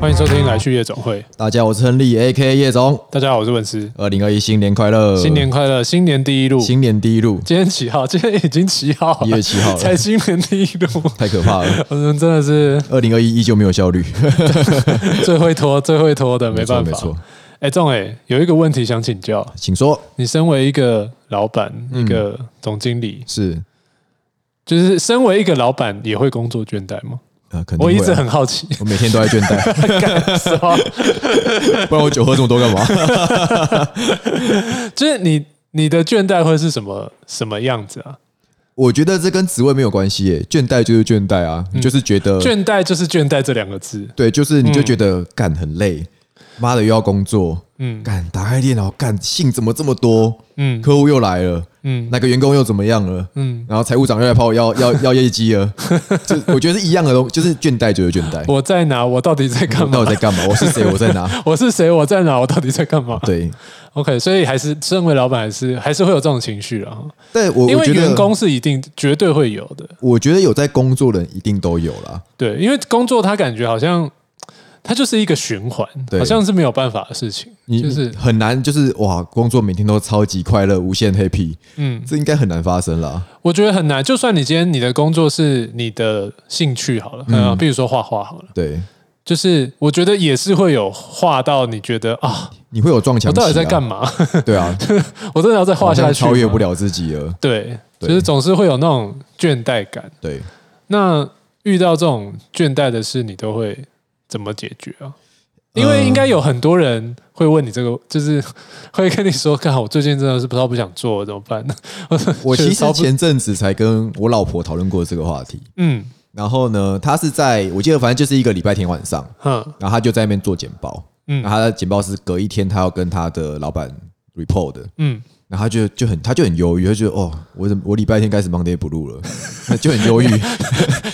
歡迎收聽來去夜總會。大家好，我是亨利，AK 葉總。大家好，我是文斯。二零二一新年快樂！新年快樂！新年第一路！新年第一路！今天幾號，今天已經七號，一月七號才新年第一路，太可怕了！我們真的是二零二一依舊沒有效率，最會拖，最會拖的，沒辦法。哎，仲哎，有一個問題想請教，請說。你身為一個老板，一個總經理，是就是身為一個老板，也會工作倦怠嗎？呃啊、我一直很好奇，我每天都在倦怠 幹什麼？不然我酒喝這麼多幹嘛？ 就是你，你的倦怠會是什麼什麼樣子啊？我覺得這跟職位沒有關係。欸，倦怠就是倦怠啊，嗯、你就是覺得倦怠就是倦怠這兩個字，對，就是你就覺得幹、嗯、很累，媽的又要工作，嗯，幹打開電腦，幹信怎麼這麼多？嗯，客戶又來了。嗯，那個員工又怎麼樣了？嗯，然後財務長又來跑我要要要業績了， 就我覺得是一樣的東，就是倦怠就是倦怠。我在哪？我到底在幹嘛？我到底在幹嘛？我是誰？我在哪？ 我是誰？我在哪？我到底在幹嘛？對，OK，所以還是身為老闆還是還是會有這種情緒啊。但我因為員工是一定絕對會有的，我覺得有在工作的人一定都有啦。對，因為工作他感覺好像。它就是一個循環，對，好像是沒有辦法的事情，你就是很難，就是哇，工作每天都超級快樂，無限 happy，嗯，這應該很難發生了，我覺得很難。就算你今天你的工作是你的興趣好了，比如說畫畫好了，對，就是我覺得也是會有畫到你覺得啊，你會有撞牆，我到底在幹嘛？對啊，我真的要再畫下去，超越不了自己了。對，就是總是會有那種倦怠感。對，那遇到這種倦怠的事，你都會。怎麼解決啊？因為應該有很多人會問你這個，呃、就是會跟你說：“剛好我最近真的是不知道不想做了，怎麼辦？”我我其實前陣子才跟我老婆討論過這個話題，嗯，然後呢，她是在我記得反正就是一個禮拜天晚上，嗯，然後她就在那邊做簡報，嗯，然後她的簡報是隔一天她要跟她的老板 report，嗯。然後他就就很，他就很憂鬱，他就覺得哦，我怎，我禮拜天開始 Monday Blue 了，就很憂鬱。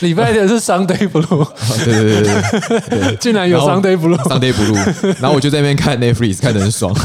禮拜天是 Sunday Blue，對對對、 啊、對，對，竟 然有 Sunday Blue，Sunday Blue。然後我就在那邊看 Netflix，看得很爽， 就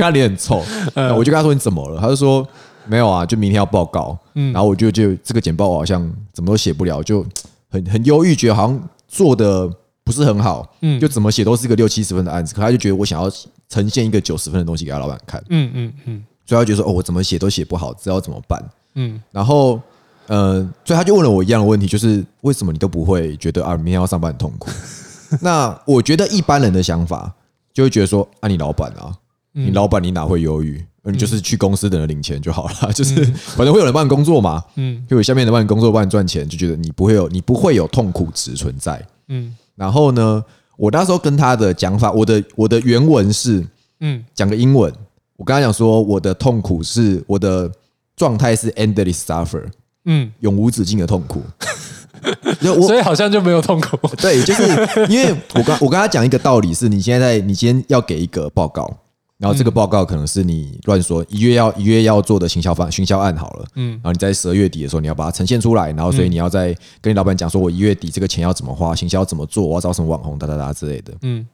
看他臉很臭， 嗯、我就跟他說你怎麼了？他說說沒有啊，就明天要報告。嗯、然後我就就這個簡報我好像怎麼都寫不了，就很很憂鬱，覺得好像做的不是很好，嗯、就怎麼寫都是個六七十分的案子。可他就覺得我想要。呈現一個九十分的東西給他老板看，嗯嗯嗯，所以他覺得說，哦，我怎麼寫都寫不好，知道怎麼辦？嗯，嗯，然後，嗯，所以他就問了我一樣的問題，就是為什麼你都不會覺得啊，明天要上班很痛苦？ 那我覺得一般人的想法就會覺得說，啊，你老板啊，你老板你哪會憂鬱？你就是去公司等着領錢就好了，就是反正會有人幫你工作嘛，嗯，就有下面的人幫你工作，幫你賺錢，就覺得你不會有你不會有痛苦值存在，嗯，然後呢？我那時候跟他的講法，我的我的原文是，嗯，講個英文，嗯、我跟他講說，我的痛苦是，我的狀態是 endless suffer，嗯，永無止境的痛苦，嗯、就我，所以好像就沒有痛苦，對，就是因為我跟我跟他講一個道理是，你現在在，你先要給一個報告。然後這個報告可能是你亂說，一月要一月要做的行銷方行銷案好了，嗯，然後你在十二月底的時候，你要把它呈現出來，然後所以你要再跟你老板講說，我一月底這個錢要怎麼花，行銷要怎麼做，我要找什麼網紅，噠噠噠之類的，嗯。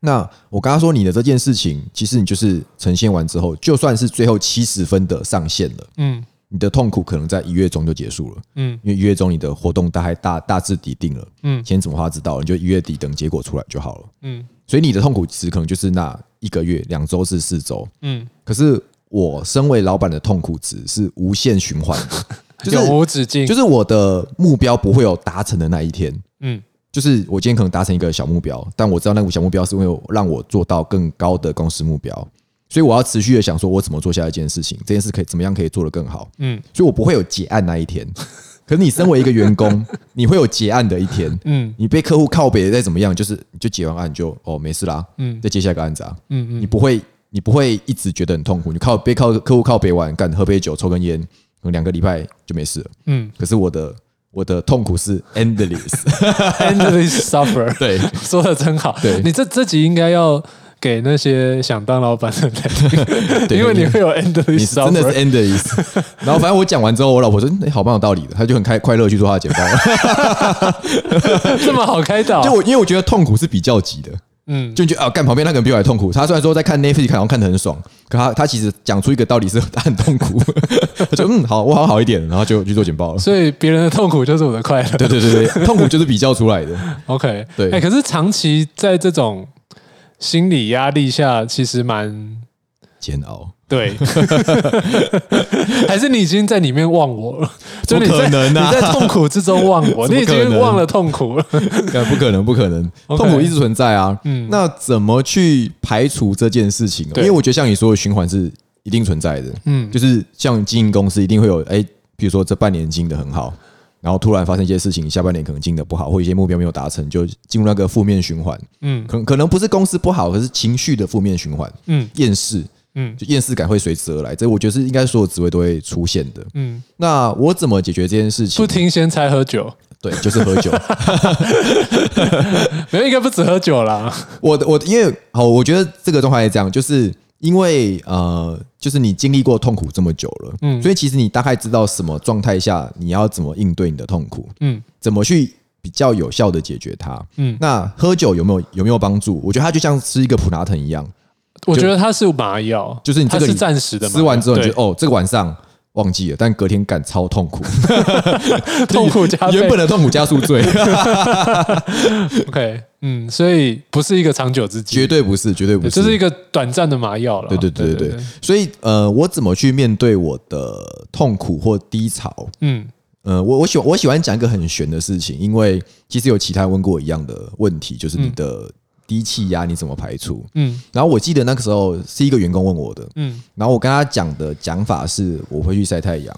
那我剛剛說你的這件事情，其實你就是呈現完之後，就算是最後七十分的上限了，嗯。你的痛苦可能在一月中就結束了，嗯，因為一月中你的活動大概大大，大致底定了，嗯，錢怎麼花知道，你就一月底等結果出來就好了，嗯。所以你的痛苦值，可能就是那一個月、兩周至四周，嗯。可是我身為老闆的痛苦值是無限循環的，永無止境。就是我的目標不會有達成的那一天，嗯。就是我今天可能達成一個小目標，但我知道那個小目標是為了讓我做到更高的公司目標，所以我要持續的想說，我怎麼做下一件事情，這件事可以怎麼樣可以做得更好，嗯。所以，我不會有結案那一天。可是你身為一個員工， 你會有結案的一天。嗯，你被客戶靠北再怎麼樣，就是就結完案就哦沒事啦。嗯，再接下一個案子啊。嗯嗯，嗯你不會你不會一直覺得很痛苦。你靠背靠客戶靠北玩，幹，喝杯酒抽根煙，兩個禮拜就沒事了。嗯，可是我的我的痛苦是 endless endless suffer。對， 說的真好。對，你這自己應該要。給那些想當老闆的人， 對對 因為你會有 endless。真的是 endless。 然後反正我講完之後，我老婆說：“哎，好棒，有道理的。”他就很開快樂去做他的簡報。 這麼好開導？就因為我覺得痛苦是比較級的，嗯，就你覺得啊，幹旁邊那個人比我還痛苦。他雖然說在看 Netflix 看，好像看得很爽，可他他其實講出一個道理是，他很痛苦。就嗯，好，我好好一點，然後就去做簡報了。所以別人的痛苦就是我的快樂。對對對對，痛苦就是比較出來的。 OK，對。欸、可是長期在這種。心理壓力下其實蠻煎熬，對，還是你已經在裡面忘我了？怎麼可能？你在痛苦之中忘我？你已經忘了痛苦了？不可能，不可能，痛苦一直存在啊。嗯，那怎麼去排除這件事情？因為我覺得像你說的循環是一定存在的。嗯，就是像經營公司，一定會有誒，比如說這半年經營的很好。然後突然發生一些事情，下半年可能進得不好，或一些目標沒有達成，就進入那個負面循環。嗯，可可能不是公司不好，而是情緒的負面循環。嗯，厭世，嗯，就厭世感會隨之而來。這我覺得是應該所有職位都會出現的。嗯，那我怎麼解決這件事情？不停先猜喝酒，對，就是喝酒。 沒有，應該不止喝酒啦，我我因為好，我覺得這個動態也這樣，就是。因為呃，就是你經歷過痛苦這麼久了，嗯，所以其實你大概知道什麼狀態下你要怎麼應對你的痛苦，嗯，怎麼去比較有效的解決它，嗯，那喝酒有沒有，有沒有幫助？我覺得它就像吃一個普拿疼一樣，我覺得它是麻藥，就是你這個它是暫時的嘛，吃完之後你覺得對 哦，這個晚上。忘記了，但隔天感超痛苦， 痛苦加倍 原本的痛苦加宿醉。 OK，嗯，所以不是一個長久之計，絕對不是，絕對不是，這、就是一個短暫的麻藥了。對對對對，對，對，對，對，對所以呃，我怎麼去面對我的痛苦或低潮？嗯，呃，我我喜歡我喜歡講一個很玄的事情，因為其實有其他問過我一樣的問題，就是你的。嗯低氣壓你怎麼排除？嗯，然後我記得那個時候是一個員工問我的，嗯，然後我跟他講的講法是，我會去曬太陽，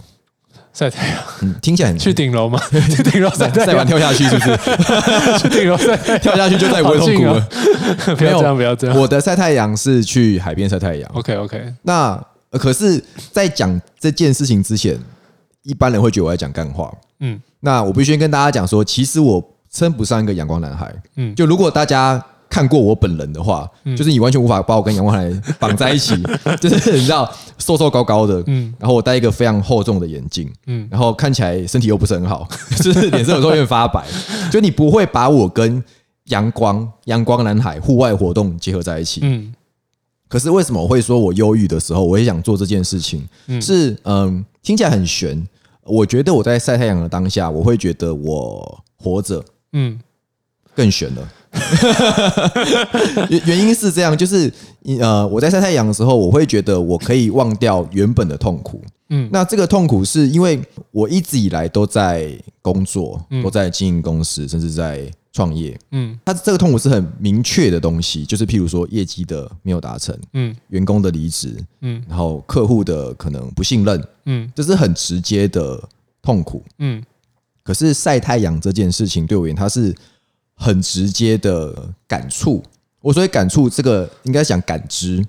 曬太陽，聽起來很去頂樓嗎？去頂樓曬太陽，再敢跳下去就是去頂樓曬，跳下去就再也不會痛苦了。不要這樣，不要這樣。我的曬太陽是去海邊曬太陽。OK，OK。那可是在講這件事情之前，一般人會覺得我在講幹話，嗯，那我必須先跟大家講說，其實我稱不上一個陽光男孩，嗯，就如果大家。看過我本人的話，嗯、就是你完全無法把我跟陽光男孩綁在一起， 就是你知道瘦瘦高高的，嗯、然後我戴一個非常厚重的眼鏡，嗯、然後看起來身體又不是很好，嗯、就是臉色有時候有點發白， 就你不會把我跟陽光陽光男孩戶外活動結合在一起。嗯，可是為什麼我會說我憂鬱的時候，我也想做這件事情？嗯是嗯，聽起來很玄。我覺得我在晒太陽的當下，我會覺得我活着，嗯，更玄了。嗯 原因是這樣，就是呃，我在曬太陽的時候，我會覺得我可以忘掉原本的痛苦。嗯，那這個痛苦是因為我一直以來都在工作，嗯、都在經營公司，甚至在創業。嗯，它這個痛苦是很明確的東西，就是譬如說業績的沒有達成，嗯，員工的離職，嗯，然後客戶的可能不信任，嗯，這是很直接的痛苦。嗯，可是曬太陽這件事情對我而言，它是很直接的感觸，我所以感觸這個應該講感知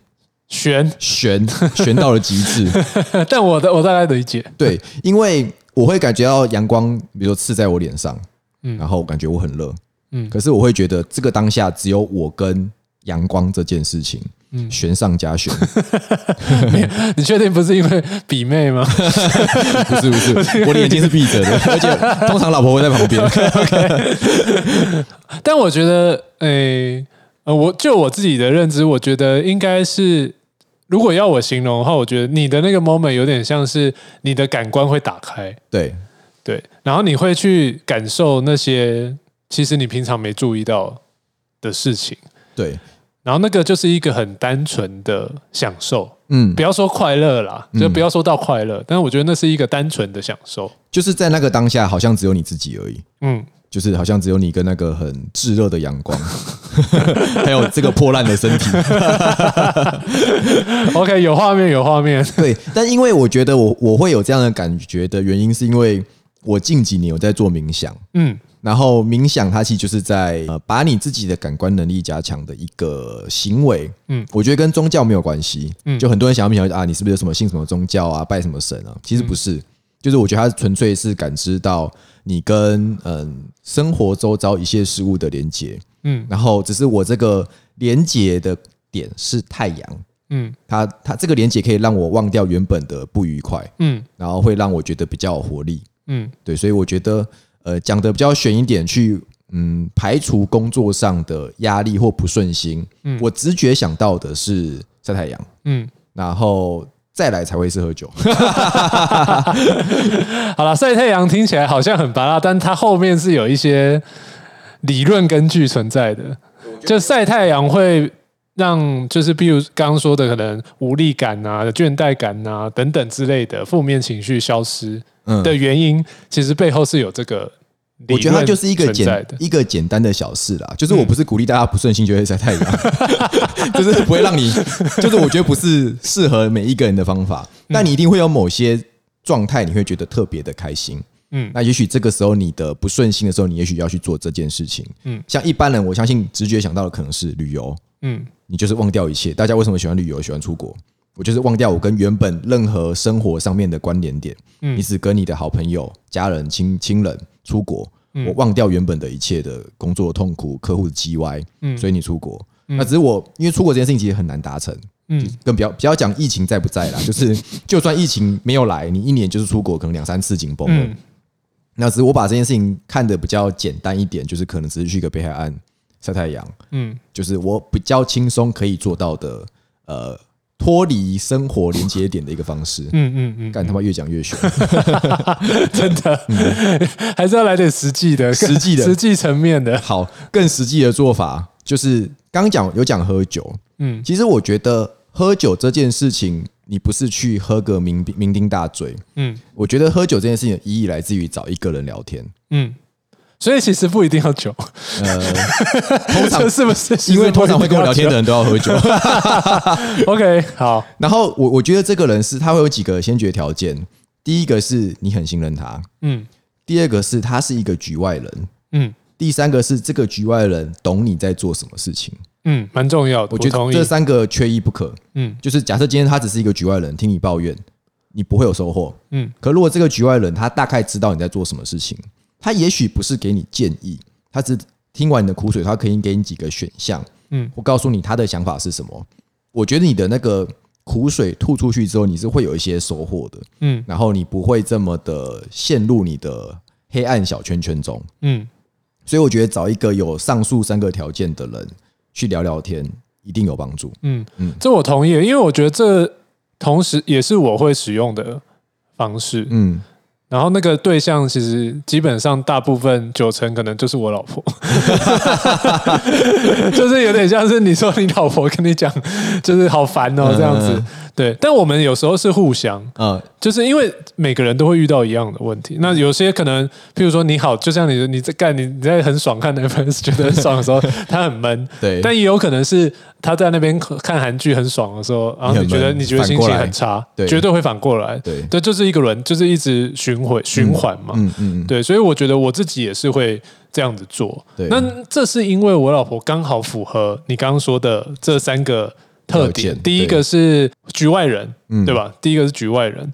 弦，玄玄玄到了極致， 但我的我大概理解，對，因為我會感覺到陽光，比如說刺在我臉上，嗯，然後感覺我很熱，嗯，可是我會覺得這個當下只有我跟陽光這件事情。玄、嗯、上加玄， 你確定不是因為比妹嗎？ 不是不是，不是我眼是的眼睛是閉着的，而且通常老婆會在旁邊 Okay, okay。 但我覺得，哎、欸，我就我自己的認知，我覺得應該是，如果要我形容的話，我覺得你的那個 moment 有點像是你的感官會打開，對對，然後你會去感受那些其實你平常沒注意到的事情，對。然後那個就是一個很單純的享受，嗯，不要說快樂啦，就不要說到快樂，嗯、但是我覺得那是一個單純的享受，就是在那個當下，好像只有你自己而已，嗯，就是好像只有你跟那個很炙熱的陽光， 還有這個破爛的身體 ，OK，有畫面有畫面，畫面對，但因為我覺得我我會有這樣的感覺的原因，是因為我近幾年我在做冥想，嗯。然後冥想，它其實就是在呃，把你自己的感官能力加強的一個行為。嗯，我覺得跟宗教沒有關係。嗯，就很多人想不想啊？你是不是有什麼信什麼宗教啊？拜什麼神啊？其實不是，就是我覺得它純粹是感知到你跟嗯生活周遭一些事物的連接。嗯，然後只是我這個連接的點是太陽。嗯，它它這個連接可以讓我忘掉原本的不愉快。嗯，然後會讓我覺得比較有活力。嗯，對，所以我覺得。呃，講的比較玄一點去，去嗯排除工作上的壓力或不順心。嗯，我直覺想到的是曬太陽，嗯，然後再來才會是喝酒。 好了，曬太陽聽起來好像很拔辣，但它後面是有一些理論根據存在的。就曬太陽會讓，就是比如剛剛說的，可能無力感啊、倦怠感啊等等之類的負面情緒消失。的原因，嗯、其實背後是有這個，我覺得它就是一個簡一個簡單的小事啦，就是我不是鼓勵大家不順心就會曬太陽，嗯、 就是不會讓你， 就是我覺得不是適合每一個人的方法，但你一定會有某些狀態你會覺得特別的開心，嗯，那也許這個時候你的不順心的時候，你也許要去做這件事情，嗯，像一般人我相信直覺想到的可能是旅遊，嗯，你就是忘掉一切，大家為什麼喜歡旅遊，喜歡出國？我就是忘掉我跟原本任何生活上面的關聯點，嗯，你是跟你的好朋友、家人、親親人出國，我忘掉原本的一切的工作的痛苦、客戶的嘰歪，嗯，所以你出國，那只是我因為出國這件事情其實很難達成，嗯，更不要不要講疫情在不在啦，就是就算疫情沒有來，你一年就是出國可能兩三次緊繃，嗯，那只是我把這件事情看得比較簡單一點，就是可能只是去一個北海岸曬太陽，嗯，就是我比較輕鬆可以做到的，呃。脫離生活連接點的一個方式，嗯嗯嗯，嗯，幹、嗯、他媽越講越玄， 真的， 嗯、還是要來點實際的，實際實際層面的，好，更實際的做法就是剛講有講喝酒，嗯，其實我覺得喝酒這件事情，你不是去喝個酩酩酊大醉，嗯，嗯，我覺得喝酒這件事情的意義來自於找一個人聊天，嗯。所以其實不一定要酒，呃，通常是不是？因為通常會跟我聊天的人都要喝酒。 OK，好。然後我我覺得這個人是他會有幾個先決條件：第一個是你很信任他，嗯；第二個是他是一個局外人，嗯；第三個是這個局外人懂你在做什麼事情，嗯，蠻重要的。我，我覺得這三個缺一不可，嗯。就是假設今天他只是一個局外人聽你抱怨，你不會有收穫，嗯。可如果這個局外人他大概知道你在做什麼事情。他也許不是給你建議，他是聽完你的苦水，他可以給你幾個選項，嗯，我告訴你他的想法是什麼。我覺得你的那個苦水吐出去之後，你是會有一些收穫的，嗯，然後你不會這麼的陷入你的黑暗小圈圈中，嗯，所以我覺得找一個有上述三個條件的人去聊聊天，一定有幫助。嗯嗯，嗯這我同意，因為我覺得這同時也是我會使用的方式，嗯。然後那個對象其實基本上大部分九成可能就是我老婆，就是有點像是你說你老婆跟你講，就是好煩哦這樣子。對，但我們有時候是互相，嗯，就是因為每個人都會遇到一樣的問題。那有些可能，譬如說你好，就像你你在幹，你你在很爽看 F S，覺得很爽的時候， 他很悶，對。但也有可能是他在那邊看韓劇很爽的時候，然後你覺得你覺得心情很差，對，絕對會反過來，對，這就是一個輪，就是一直循環循環嘛，嗯嗯。嗯嗯對，所以我覺得我自己也是會這樣子做，對。那這是因為我老婆剛好符合你剛剛說的這三個。特點，第一個是局外人，對吧？嗯、第一個是局外人，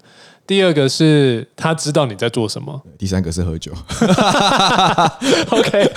第二個是他知道你在做什麼，第三個是喝酒。 OK，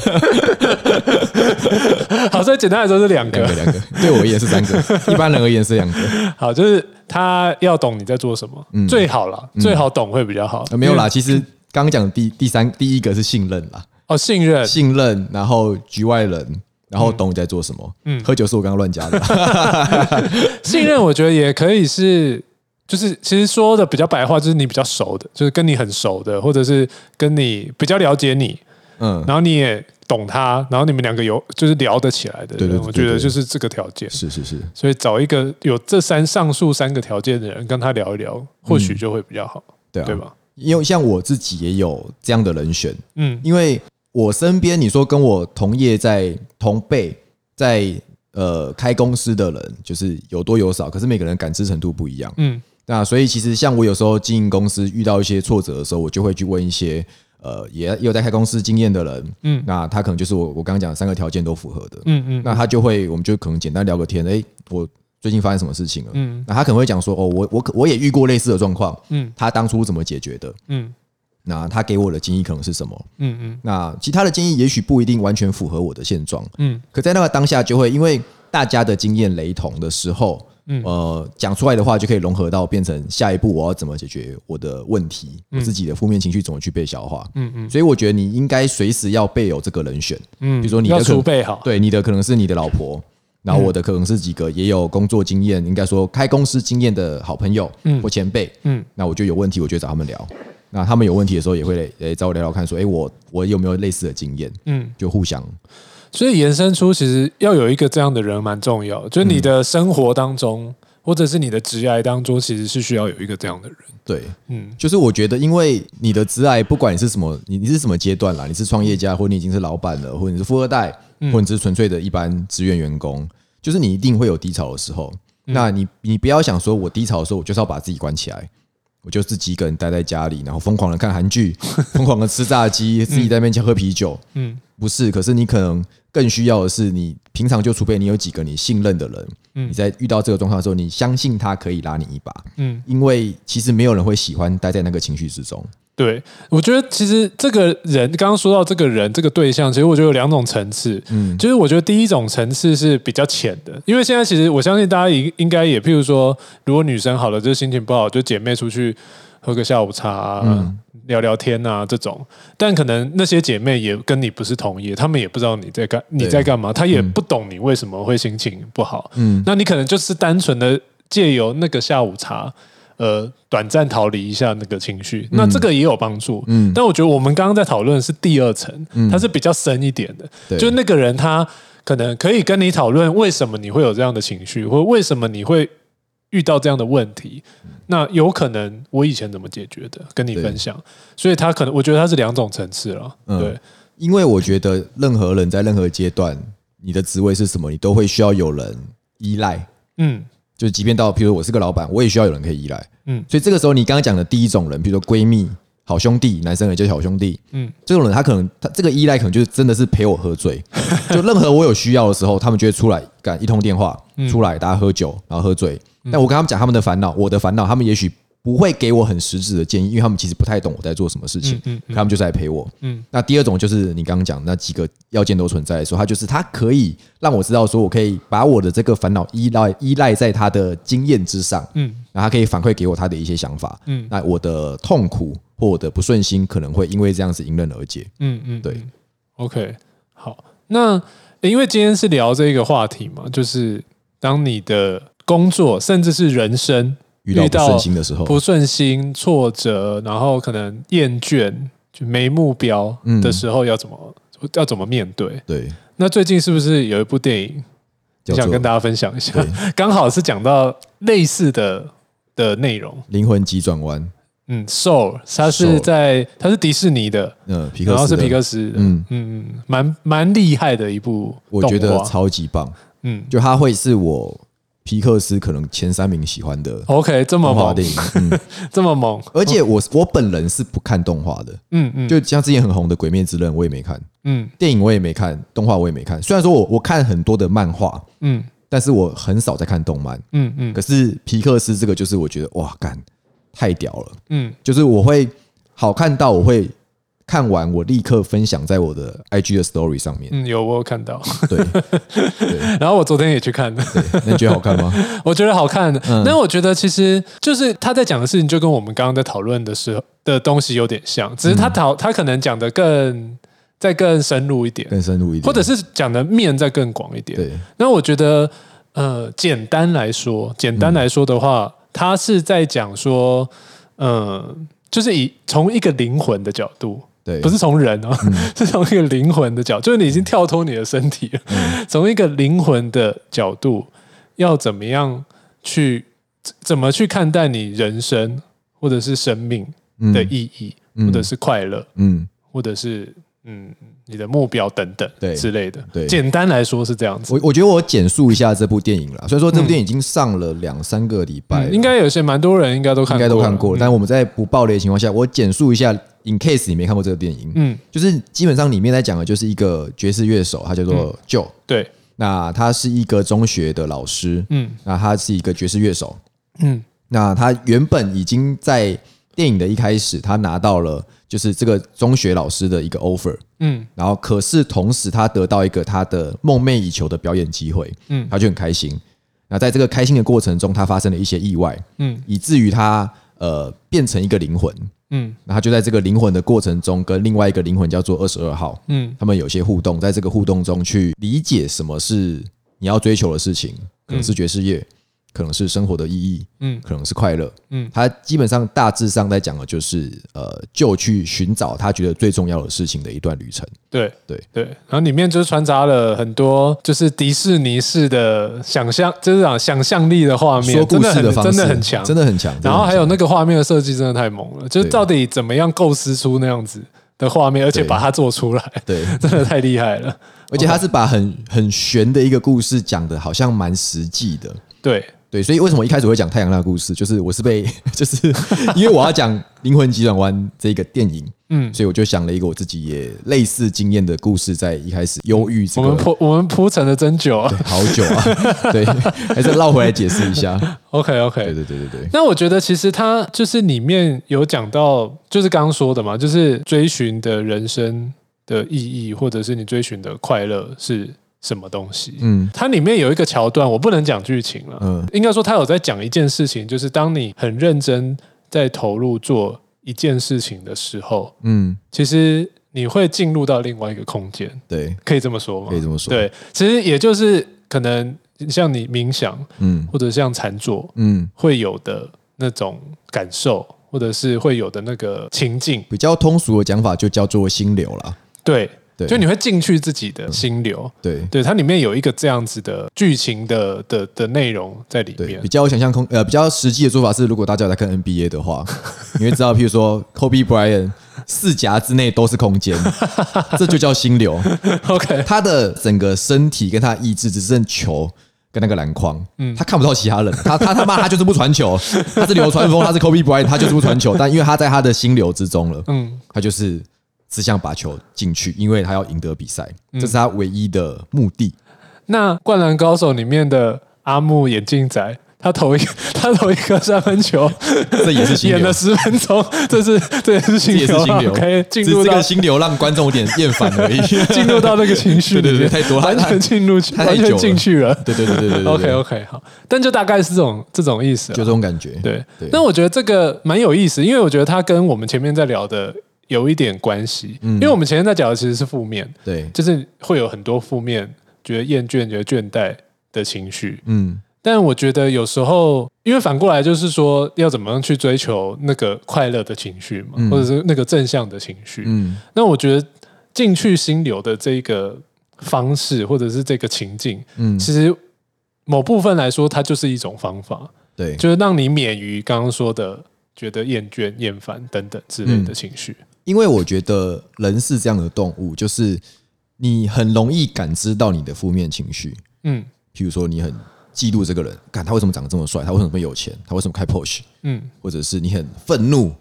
好，所以簡單來說，是兩個，okay，兩個。對我也是三個，一般人而言是兩個。好，就是他要懂你在做什麼，嗯、最好了，嗯、最好懂會比較好。呃、沒有啦，為其實剛剛講的第第三，第一個是信任啦。哦，信任，信任，然後局外人。然後懂你在做什麼，嗯，喝酒是我剛剛亂加的啊。 信任，我覺得也可以是，就是其實說的比較白話，就是你比較熟的，就是跟你很熟的，或者是跟你比較了解你，嗯，然後你也懂他，然後你們兩個有就是聊得起來的，對對，對對，我覺得就是這個條件，是是是，所以找一個有這三上述三個條件的人跟他聊一聊，或許就會比較好，嗯，對啊，對吧？因為像我自己也有這樣的人選，嗯，因為。我身邊，你說跟我同業在同輩在呃開公司的人，就是有多有少，可是每個人感知程度不一樣。嗯，那所以其實像我有時候經營公司遇到一些挫折的時候，我就會去問一些呃也有在開公司經驗的人，嗯，那他可能就是我我剛剛講三個條件都符合的，嗯，嗯嗯，那他就會我們就可能簡單聊個天，欸，我最近發生什麼事情了？嗯，那他可能會講說，哦，我我我也遇過類似的狀況，嗯，他當初怎麼解決的？嗯，嗯。那他給我的建議可能是什麼？嗯嗯。嗯那其他的建議也許不一定完全符合我的現狀。嗯。可在那個當下，就會因為大家的經驗雷同的時候，嗯呃，講出來的話就可以融合到變成下一步我要怎麼解決我的問題，嗯、我自己的負面情緒怎麼去被消化？嗯嗯。所以我覺得你應該隨時要備有這個人選。嗯。比如說你的儲備好，對你的可能是你的老婆，然後我的可能是幾個也有工作經驗，嗯、應該說開公司經驗的好朋友嗯，嗯，或前輩，嗯。那我就有問題，我就找他們聊。那他們有問題的時候，也會來找、欸、我聊聊看說，說、欸、誒我我有沒有類似的經驗？嗯，就互相，所以延伸出其實要有一個這樣的人蠻重要，就是你的生活當中，嗯、或者是你的職涯當中，其實是需要有一個這樣的人。對，嗯，就是我覺得，因為你的職涯不管你是什麼，你你是什麼階段啦，你是創業家，或者你已經是老板了，或者你是富二代，或者你是純粹的一般職員員工，嗯、就是你一定會有低潮的時候，嗯、那你你不要想說我低潮的時候，我就是要把自己關起來。我就自己一個人待在家裡，然後瘋狂的看韓劇，瘋 狂的吃炸雞，自己在面前喝啤酒。嗯，嗯，不是，可是你可能更需要的是，你平常就除非你有幾個你信任的人，嗯，你在遇到這個狀況的時候，你相信他可以拉你一把。嗯，因為其實沒有人會喜歡待在那個情緒之中。對，我覺得其實這個人剛剛說到這個人這個對象，其實我覺得有兩種層次。嗯，就是我覺得第一種層次是比較淺的，因為現在其實我相信大家應應該也，譬如說，如果女生好了，就是心情不好，就姐妹出去喝個下午茶啊，嗯，聊聊天啊這種。但可能那些姐妹也跟你不是同意，她們也不知道你在幹你在幹嘛，嗯，她也不懂你為什麼會心情不好。嗯，那你可能就是單純的借由那個下午茶。呃，短暫逃離一下那個情緒，嗯、那這個也有幫助。嗯，但我覺得我們剛剛在討論是第二層，嗯、它是比較深一點的。嗯、就是那個人他可能可以跟你討論為什麼你會有這樣的情緒，或為什麼你會遇到這樣的問題。那有可能我以前怎麼解決的，跟你分享。對，所以他可能我覺得他是兩種層次了。嗯、對，因為我覺得任何人在任何階段，你的職位是什麼，你都會需要有人依賴。嗯。就即便到，譬如我是個老闆，我也需要有人可以依賴。嗯，所以這個時候你剛剛講的第一種人，比如說閨蜜、好兄弟、男生也就是好兄弟，嗯，這種人他可能他這個依賴可能就是真的是陪我喝醉，就任何我有需要的時候，他們就會出來敢一通電話，出來大家喝酒，然後喝醉。但我跟他們講他們的煩惱，我的煩惱，他們也許。不會給我很實質的建議，因為他們其實不太懂我在做什麼事情。嗯嗯嗯，他們就是來陪我。嗯，那第二種就是你剛剛講那幾個要件都存在的時候，他就是他可以讓我知道，說我可以把我的這個煩惱依賴依賴在他的經驗之上。嗯，然後他可以反饋給我他的一些想法。嗯，那我的痛苦或我的不順心可能會因為這樣子迎刃而解。嗯嗯，嗯嗯對。OK，好，那因為今天是聊這一個話題嘛，就是當你的工作甚至是人生，遇到不順心的時候，不順心、挫折，然後可能厭倦，就沒目標的時候，要怎麼、嗯、要怎麼面對？對，那最近是不是有一部電影，做我想跟大家分享一下？剛對好是講到類似的的內容，《靈魂急轉彎》嗯。嗯，Soul，它是在它是迪士尼的，嗯，皮克斯然後是皮克斯的，嗯嗯，蠻蠻厲害的一部，我覺得超級棒。嗯，就它會是我。皮克斯可能前三名喜歡的電影，OK，這麼猛、嗯、 這麼猛。而且我我本人是不看動畫的嗯，嗯嗯，就像之前很紅的《鬼滅之刃》，我也沒看，嗯，電影我也沒看，動畫我也沒看。雖然說我我看很多的漫畫，嗯，但是我很少在看動漫，嗯嗯。可是皮克斯這個就是我覺得哇，幹，太屌了，嗯，就是我會好看到我會。看完我立刻分享在我的 IG 的 story 上面。嗯，有，我有看到對，對對。 然後我昨天也去看了，對。那你覺得好看嗎？ 我覺得好看。嗯、那我覺得其實就是他在講的事情，就跟我們剛剛在討論的時候的東西有點像，只是他討、嗯、他可能講的更再更深入一點，更深入一點，或者是講的面再更廣一點。對。那我覺得，呃，簡單來說，簡單來說的話，嗯、他是在講說，嗯、呃，就是以從一個靈魂的角度。對，不是從人哦、啊，嗯、是從一個靈魂的角度，就是你已經跳脫你的身體了，嗯、從一個靈魂的角度，要怎麼樣去怎麼去看待你人生或者是生命的意義，嗯、或者是快樂，嗯，或者是嗯你的目標等等，之類的，對對，簡單來說是這樣子。我我覺得我簡述一下這部電影了，所以說這部電影已經上了兩三個禮拜、嗯嗯，應該有些蠻多人應該都看過，應該都看過了。嗯、但我們在不暴雷的情況下，我簡述一下。In case 你沒看過這個電影，嗯，就是基本上裡面在講的，就是一個爵士樂手，他叫做 Joe，嗯，對，那他是一個中學的老師，嗯，那他是一個爵士樂手，嗯，那他原本已經在電影的一開始，他拿到了就是這個中學老師的一個 offer，嗯，然後可是同時他得到一個他的夢寐以求的表演機會，嗯，他就很開心。那在這個開心的過程中，他發生了一些意外，嗯，以至於他呃變成一個靈魂。嗯，那他就在這個靈魂的過程中，跟另外一個靈魂叫做二十二號，嗯，他們有些互動，在這個互動中去理解什麼是你要追求的事情，可能是爵士樂。嗯可能是生活的意義，嗯，可能是快樂，嗯，他基本上大致上在講的就是，呃，就去尋找他覺得最重要的事情的一段旅程。對對對，然後裡面就是穿插了很多就是迪士尼式的想象，就是講想象力的畫面，說故事的方式真的,真,的真的很強，真的很強。然後還有那個畫面的設計真的太猛了，就是到底怎麼樣構思出那樣子的畫面，對而且把它做出來，對，真的太厲害了。而且他是把很很玄的一個故事講得好像蠻實際的，對。對，所以為什麼一開始我會講太陽那個故事？就是我是被，就是因為我要講《靈魂急轉彎》這個電影，嗯，所以我就想了一個我自己也類似經驗的故事，在一開始憂鬱、這個嗯、我們鋪我們鋪陳了真久啊，好久啊， 對，還是繞回來解釋一下。OK OK，對對對對對。那我覺得其實它就是裡面有講到，就是剛剛說的嘛，就是追尋的人生的意義，或者是你追尋的快樂是。什麼東西？嗯，它裡面有一個橋段，我不能講劇情了。嗯，應該說它有在講一件事情，就是當你很認真在投入做一件事情的時候，嗯，其實你會進入到另外一個空間。對，可以這麼說嗎？可以這麼說。對，其實也就是可能像你冥想，嗯，或者像禪坐，嗯，會有的那種感受，或者是會有的那個情境。比較通俗的講法就叫做心流啦。對。對就你會進去自己的心流，對、嗯、對，它裡面有一個這樣子的劇情的的的內容在裡面。比較我想象空呃，比較實際的做法是，如果大家在看 NBA 的話， 你會知道，譬如說 Kobe Bryant 四夾之內都是空間， 這就叫心流。 OK，他的整個身體跟他的意志，只剩球跟那個籃筐，嗯、他看不到其他人，他他他媽他就是不傳球， 他是流川楓，他是 Kobe Bryant，他就是不傳球， 但因為他在他的心流之中了，嗯，他就是。只想把球進去，因為他要贏得比賽，這是他唯一的目的。那《灌籃高手》裡面的阿木眼鏡仔，他投一他投一個三分球，這也是演了十分鐘，這是這也是心流，可以進入這個心流讓觀眾有點厭煩了，一些進入到那個情緒，對對對，太多，完全進入，太久了，完全進去了，對對對對對，OK OK，好，但就大概是這種這種意思，就這種感覺，對。那我覺得這個蠻有意思，因為我覺得他跟我們前面在聊的。有一點關係，嗯，因為我們前面在講的其實是負面，嗯、對，就是會有很多負面，覺得厭倦、覺得倦怠的情緒，嗯，但我覺得有時候，因為反過來就是說，要怎麼樣去追求那個快樂的情緒嘛，嗯、或者是那個正向的情緒，嗯，那我覺得進去心流的這個方式，或者是這個情境，嗯，其實某部分來說，它就是一種方法，對，就是讓你免於剛剛說的覺得厭倦、厭煩等等之類的情緒。嗯。因為我覺得人是這樣的動物，就是你很容易感知到你的負面情緒，嗯，譬如說你很嫉妒這個人，看他為什麼長得這麼帥，他為什麼這麼有錢，他為什麼開 Porsche，嗯，或者是你很憤怒，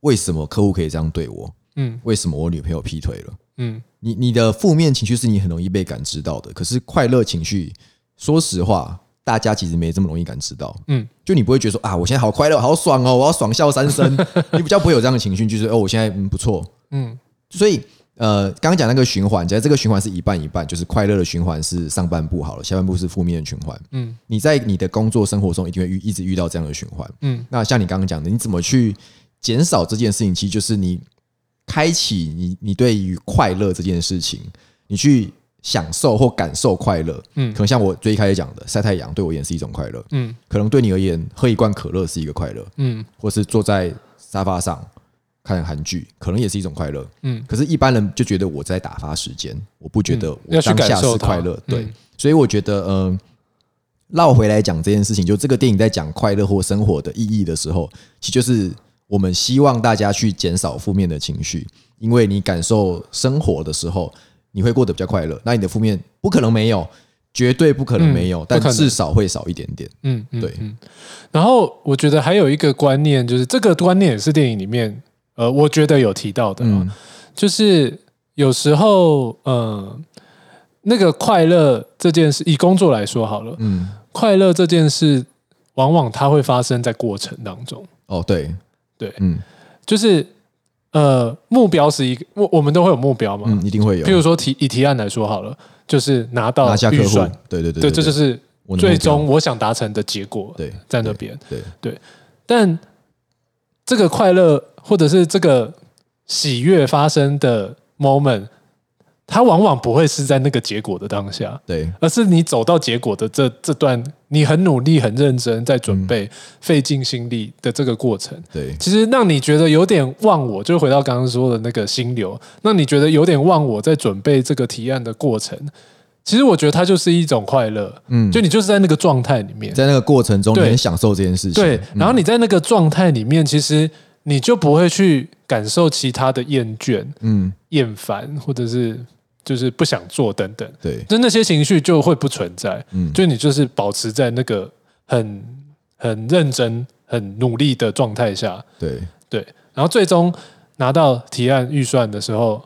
為什麼客戶可以這樣對我，嗯，為什麼我女朋友劈腿了，嗯，你你的負面情緒是你很容易被感知到的，可是快樂情緒，說實話。大家其實沒這麼容易感知到，嗯，就你不會覺得說啊，我現在好快樂，好爽哦，我要爽笑三聲。你比較不會有這樣的情緒，就是哦，我現在不錯，嗯。所以呃，剛剛講那個循環，只要這個循環是一半一半，就是快樂的循環是上半部好了，下半部是負面的循環，嗯。你在你的工作生活中一定會遇一直遇到這樣的循環，嗯。那像你剛剛講的，你怎麼去減少這件事情？其實就是你開啟你你對於快樂這件事情，你去。享受或感受快樂，嗯，可能像我最開始講的，晒太陽對我也是一種快樂，嗯，可能對你而言，喝一罐可樂是一個快樂，嗯，或是坐在沙發上看韓劇，可能也是一種快樂，嗯。可是，一般人就覺得我在打發時間，我不覺得我當下是快樂，嗯，要去感受快樂，對。所以，我覺得，嗯，繞回來講這件事情，就這個電影在講快樂或生活的意義的時候，其實就是我們希望大家去減少負面的情緒，因為你感受生活的時候你會過得比較快樂，那你的負面不可能沒有，絕對不可能沒有，嗯、但至少會少一點點。嗯，對，嗯嗯嗯。然後我覺得還有一個觀念，就是這個觀念也是電影裡面，呃，我覺得有提到的，嗯、就是有時候，嗯、呃，那個快樂這件事，以工作來說好了，嗯，快樂這件事往往它會發生在過程當中。哦，對，對，嗯，就是。呃，目標是一個，我我們都會有目標嘛，嗯，一定會有。譬如說提以提案來說好了，就是拿到預算，對對，對對對，對，這就是最終我想達成的結果，對，在那邊，對對、對、對、對。但這個快樂或者是這個喜悅發生的 moment。它往往不會是在那個結果的當下，對，而是你走到結果的這這段，你很努力、很認真在準備、費盡心力的這個過程，嗯、對，其實讓你覺得有點忘我，就回到剛剛說的那個心流，那你覺得有點忘我在準備這個提案的過程，其實我覺得它就是一種快樂，嗯，就你就是在那個狀態裡面，在那個過程中你很享受這件事情，對，對，然後你在那個狀態裡面，嗯、其實你就不會去感受其他的厭倦、嗯厭煩或者是。就是不想做等等，對，那那些情緒就會不存在，嗯，就你就是保持在那個很很認真、很努力的狀態下，對對，然後最終拿到提案預算的時候。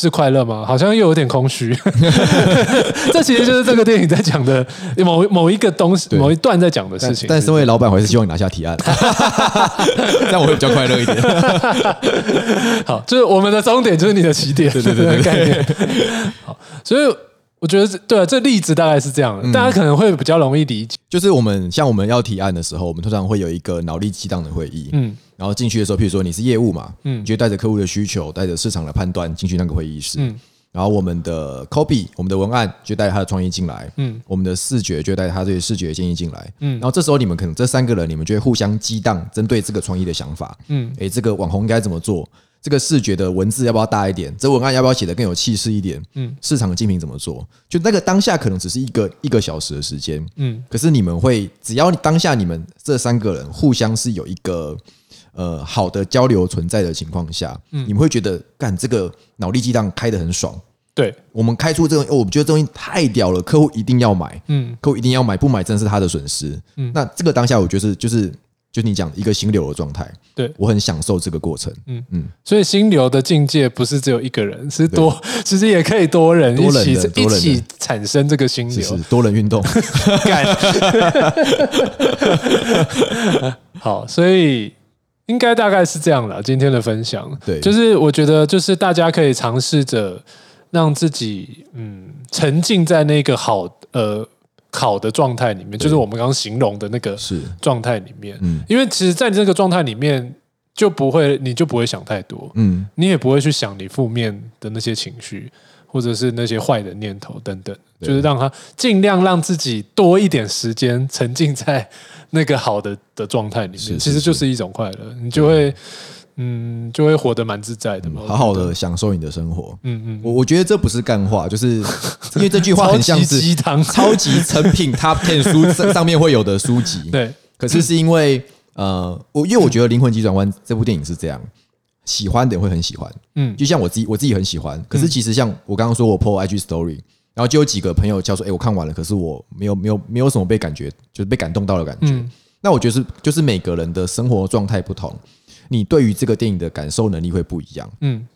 是快樂嗎？好像又有點空虛。 這其實就是這個電影在講的某某一個東西，對某一段在講的事情。但是，是但是闆，身為老闆還是希望你拿下提案。但 我會比較快樂一點。 好，就是我們的終點，就是你的起點，對對對，對，概念。好，所以我覺得，對、啊，這例子大概是這樣，大家、嗯、可能會比較容易理解。就是我們像我們要提案的時候，我們通常會有一個腦力激盪的會議。嗯。然後進去的時候，譬如說你是業務嘛，嗯，你就帶着客戶的需求，帶着市場的判斷進去那個會議室。嗯，然後我們的 copy，我們的文案就帶着他的創意進來，嗯，我們的視覺就帶着他對視覺的建議進來，嗯。然後這時候你們可能這三個人，你們就會互相激盪，針對這個創意的想法，嗯，誒、欸、這個網紅應該怎麼做？這個視覺的文字要不要大一點？這文案要不要寫得更有氣勢一點？嗯，市場的競品怎麼做？就那個當下可能只是一個一個小時的時間，嗯，可是你們會，只要當下你們這三個人互相是有一個。呃，好的交流存在的情況下，嗯，你們會覺得，幹，這個腦力激盪開得很爽，對，我們開出這種，我們覺得這東西太屌了，客戶一定要買，嗯，客戶一定要買，不買真是他的損失。嗯，那這個當下，我覺得就是，就你講一個心流的狀態，對，我很享受這個過程，嗯嗯，所以心流的境界不是只有一個人，是多，其實也可以多人一起一起產生這個心流，其實多人運動，幹，好，所以。應該大概是這樣啦。今天的分享，對，就是我覺得，就是大家可以嘗試着讓自己，嗯，沉浸在那個好，呃，好的狀態裡面，對就是我們剛剛形容的那個狀態裡面。嗯，因為其實，在這個狀態裡面，就不會，你就不會想太多，嗯，你也不會去想你負面的那些情緒。或者是那些壞的念頭等等，就是讓他儘量讓自己多一點時間沉浸在那個好的的狀態裡面，其實就是一種快樂，你就會嗯，就會活得蠻自在的嘛、嗯，好好的享受你的生活。嗯嗯，嗯我我覺得這不是幹話，就是因為這句話很像是超級成品，Top 10書上上面會有的書籍。對、嗯，可是是因為呃，我因為我覺得《靈魂急轉彎》這部電影是這樣。喜歡的會很喜歡，嗯，就像我自己，我自己很喜歡。可是其實像我剛剛說我 po IG story，嗯，然後就有幾個朋友叫做哎，我看完了，可是我沒有沒有沒有什麼被感覺，就是被感動到的感覺。嗯，那我覺得是就是每個人的生活狀態不同，你對於這個電影的感受能力會不一樣，嗯。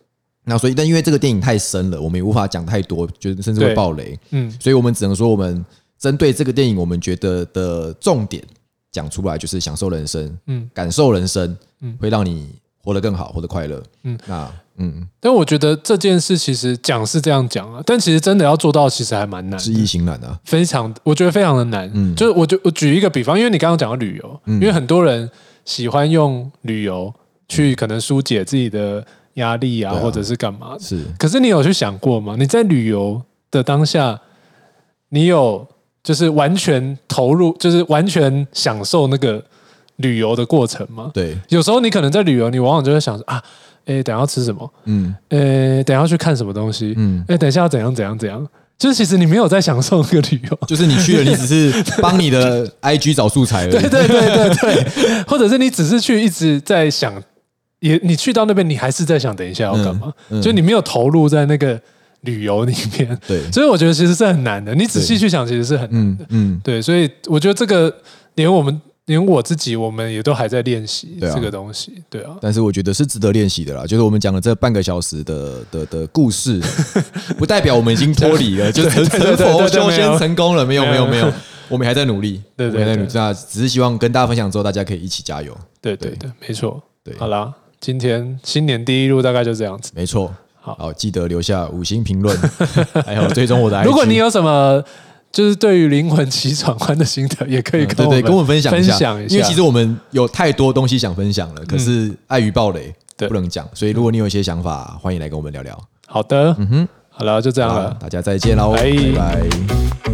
那所以，但因為這個電影太深了，我們也無法講太多，覺得甚至會爆雷，嗯。所以我們只能說，我們針對這個電影，我們覺得的重點講出來就是享受人生，嗯，感受人生，嗯，會讓你。活得更好，活得快樂。嗯，那，嗯。但我覺得這件事其實講是這樣講啊，但其實真的要做到，其實還蠻難。知易行難啊，非常，我覺得非常的難。嗯，就是我就我舉一個比方，因為你剛剛講到旅遊，嗯、因為很多人喜歡用旅遊去可能疏解自己的壓力啊，嗯、或者是幹嘛、啊。是，可是你有去想過嗎？你在旅遊的當下，你有就是完全投入，就是完全享受那個。旅遊的過程嘛，對，有時候你可能在旅遊，你往往就會想說啊，誒，等一下要吃什麼？嗯，誒，等一下要去看什麼東西？嗯，誒，等一下要怎樣怎樣怎樣？就是其實你沒有在享受那個旅遊，就是你去了，你只是幫你的 I G 找素材而已， 對對對對對，對， 或者是你只是去一直在想，也你去到那邊，你還是在想等一下要幹嘛，就你沒有投入在那個旅遊裡面，對，所以我覺得其實是很難的，你仔細去想，其實是很難的，嗯，對，對 所以我覺得這個連我們。連我自己，我們也都還在練習這個東西，對啊。但是我覺得是值得練習的啦，就是我們講了這半個小時的的的故事，不代表我們已經脫離了，就是成佛修仙成功了，沒有沒有沒有，我們還在努力，對對。那只是希望跟大家分享之後，大家可以一起加油，對對對，沒錯。對，好啦，今天新年第一路大概就這樣子，沒錯。好好記得留下五星評論，還有追蹤我的愛。如果你有什麼。就是對於靈魂急轉彎的心得，也可以跟我們分享一下。因為其實我們有太多東西想分享了，可是礙於暴雷不能講。所以如果你有一些想法，歡迎來跟我們聊聊。好的，嗯哼，好了，就這樣了，大家再見嘍，拜拜。